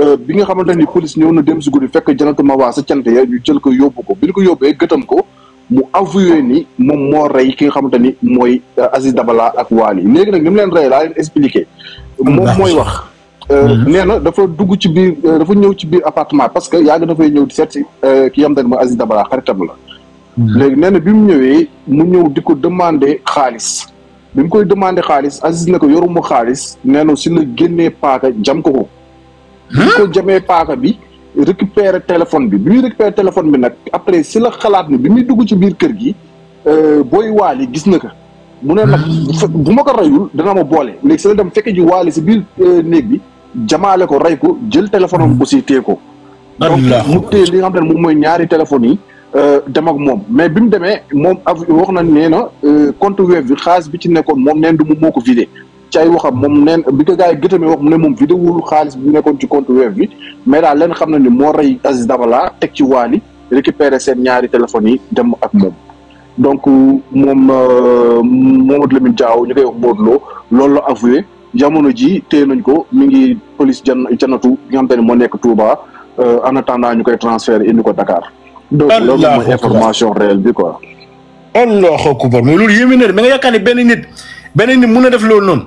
Euh, bi nga xamante ni police ñëw na dem si guddi fekk janatu ma waa sa cant ya ñu jël ko yóbbu ko bi ñu ko yóbbee gëtam ko mu avoué ni moom moo rey ki nga xamante ni mooy euh, Aziz Dabala ak Waly léegi nag ni leen rey laa leen expliqué. moom mooy wax. Euh, mm-hmm. nee na dafa dugg ci biir dafa ñëw ci biir appartement parce que yàgg dafay ñëw di seet si ki nga xamante ni mooy Aziz Dabala la. Mm-hmm. léegi nee na bi mu ñëwee mu ñëw di ko demande xaalis. bi mu koy demandé xaalis Aziz na ko yoruma xaalis nee na si la génnee paaka jam ko ko. bi ko jamee paaka bi récupérer téléphone bi bi muy récupérer téléphone bi nag après si la xalaat ni bi muy dugg ci biir kër gi euh, booy waali gis na ko mu ne nag hmm. bu ma ko reyul dana ma boole léegi si la dem fekke ji waali si biir euh, néeg bi jamaale ko rey ko jël téléphone am hmm. aussi téye ko donc mu téye li nga xam ne moom mooy ñaari téléphones yi euh, dem ak moom mais bi mu demee moom a wax na nee na compte web bi xaalis bi ci nekkoon moom neen du mu moo ko vidé caay ay waxam moom neen bi ko gars yi gëtame wax mu ne moom vidéowul xaalis bi nekkoon ci compte Wave bi mais daal leen xam na ni moo rey Aziz Dabala teg ci waali récupérer seen ñaari téléphones yi dem ak moom donc moom la euh, Lamine Diaw ñu koy wax Modou Lo loolu la avoué jamono ji téye nañ ko mi ngi police jan janatu nga xam ne moo nekk Touba euh, en attendant ñu koy transférer indi ko Dakar donc loolu mooy information réelle bi quoi allahu akbar mais loolu lool na de mais nga yaakaar ne benn nit benn nit mun na def loolu noonu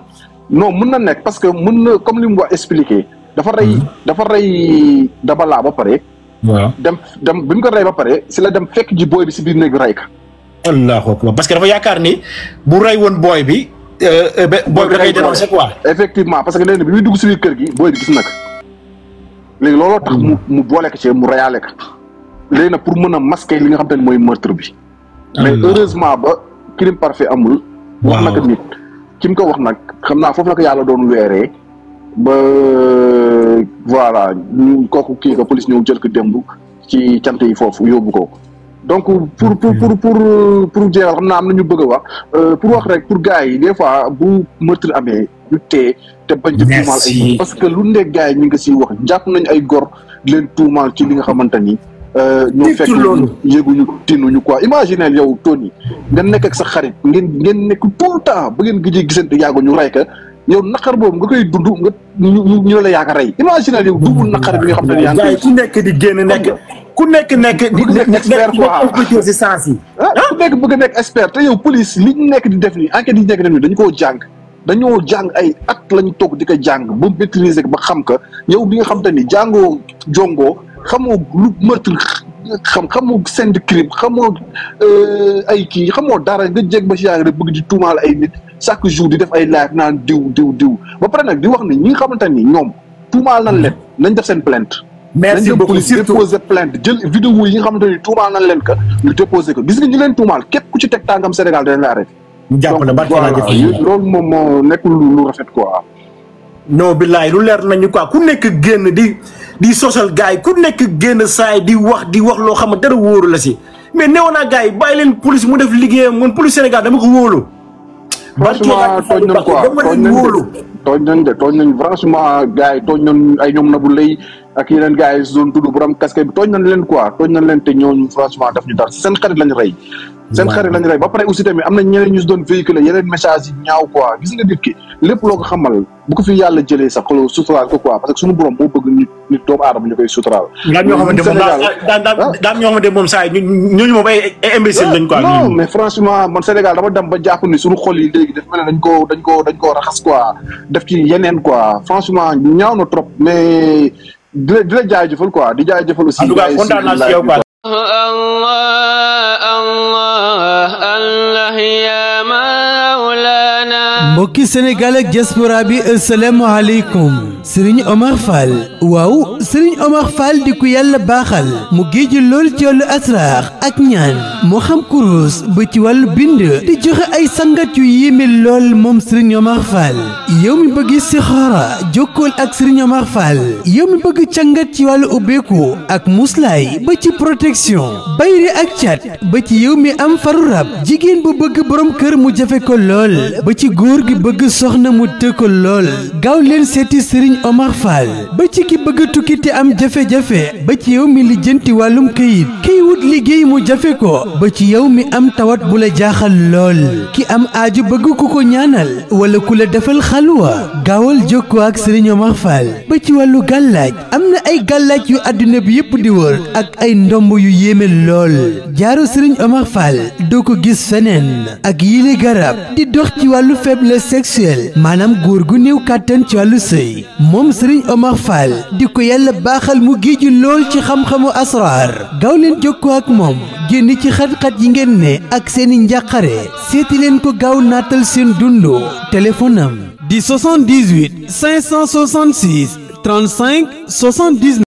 non mun na nekk parce que mun na comme li mu wax expliqué. dafa rey mhm. dafa rey dabalaa ba pare. waaw dem dem bi mu ko rey ba pare si la dem fekk ji booy bi si biir néeg rey ka. allahu akbar parce que dafa yaakaar ni bu rey woon booy bi. Euh, euh, booy bi da koy dénoncé quoi. effectivement parce que léegi bi muy dugg si biir kër gi booy gis na léegi looloo tax mu mhm. mu boole ko ci mu reyaale ko léegi na pour mën a masquer li nga xam te mooy meurtre bi. mais heureusement ba crime parfait amul. wax na ko nit. kim ko wax nak xamna fofu la ko yalla doon wéré ba voilà kooku ki ko police ñu jël ko dembu ci cant yi fofu yobbu ko donc pour pour pour pour pour jeexal xamna am nañu bëgg wax euh pour wax rek pour gaay des fois bu meurtre amé ñu té té bañ ci tuumaal ay parce que lu ndé gaay ñu ngi ci wax japp nañ ay gor tout mal ci li nga Euh, ñu fekk yëguñu tinuñu quoi imaginez yow Tony nga nekk ak sa xarit ngeen ngeen nekk tout le temps ba ngeen gëjee gisante yàggu ñu rey ka yow naqar boobu nga koy dund nga ñu ñu la yaaka rey imaginez yow dugul naqar bi nga xam ne yaa ngi ku nekk di ku nekk nekk di nekk expert quoi si yi ah, ah? nekk nekk expert te yow police li ñu nekk di def nii enquête yi nekk def nii dañu koo jàng dañoo jàng ay at lañ toog di ko jàng ba maîtriser ba xam ka yow bi nga xam te ni jàngoo jongoo xamoo lu meurtre xam xamoo scène de crime xamoo euh, ay kii xamoo dara nga jég ba si yaa ngi rek bëgg di tuumaal ay nit chaque jour di def ay live naan diw diw diw ba pare nag di wax ni ñi nga xamante ni ñoom tuumaal nañ leen mm-hmm. nañ def seen plainte. merci beaucoup surtout jël vidéo yi nga xamante ni tuumaal nañ leen ka ñu déposer ko gis nga ñu leen tuumaal képp ku ci teg tàngam Sénégal dinañ la arrêté. jàppale ba loolu moom moo nekkul lu rafet quoi. non billaay lu leer na nañu quoi ku nekk génn di. di social guy, ku nek genn say di wax di wax lo xam ne dara woru la ci mais newona gay bay len police mu def liguey mon police senegal dama ko wolu franchement nañ quoi nañ de tooñ nañ de tooñ nañ nañ ay ñoom na bu lay ak yeneen gars zone tudd borom casque bi tooñ nañ leen quoi tooñ nañ leen te ñooñu franchement daf ñu dara seen xarit lañ rey. seen xarit lañ rey ba pare aussi tamit am ñeneen ñu si doon nit doomu aadama ñu koy suturaal. daam ah. ah. ñoo xamante moom daam ñoo moom saa yi ñooñu moom ay mais franchement Sénégal dama dem ba jàpp ni suñu léegi daf mel dañ koo dañ koo raxas quoi def ci yeneen quoi franchement ñaaw na trop mais di la di la jaajëfal quoi di jaajëfal aussi. si Allah Allah Allah ya mbokki Sénégal ak diaspora bi asalaamaaleykum Serigne Omar Fall waaw Serigne Omar Fall di ku yàlla baaxal mu géeju lool ci wàllu asraar ak ñaan moo xam kurus ba ci wàllu bind di joxe ay sangat yu yéeme lool moom Serigne Omar Fall yow mi bëgg si xora ak Serigne Omar Fall yow mi bëgg càngat ci wàllu ubbeeku ak muslaay ba ci protection bayri ak cat ba ci yow mi am faru rab jigéen bu bëgg borom kër mu jafe ko lool ba ci góor góor gi bëgg soxna mu tëkko lool gaaw leen seeti sëriñ Omar Fall ba ci ki bëgg tukki te am jafe-jafe ba ci yow mi lijjanti wàllum këyit kiy wut liggéey mu jafe ko ba ci yow mi am tawat bu la jaaxal lool ki am aaju bëgg ku ko ñaanal wala ku la defal xalwa gaawal jokkoo ak sëriñ Omar Fall ba ci wàllu gàllaaj am na ay gàllaaj yu àdduna bi yépp di wër ak ay ndomb yu yéeme lool jaaru sëriñ Omar Fall doo ko gis feneen ak yile garab di dox ci wàllu feebar faible sexuel maanaam góor gu néew kàttan ci wàllu sëy moom sëriñ Omar Fall di ko yàlla baaxal mu géeju lool ci xam-xamu asraar gaaw leen jokkoo ak moom génn ci xat yi ngeen ne ak seeni njàqare seeti leen ko gaaw naatal seen dundu téléphone am di 78 566 35 79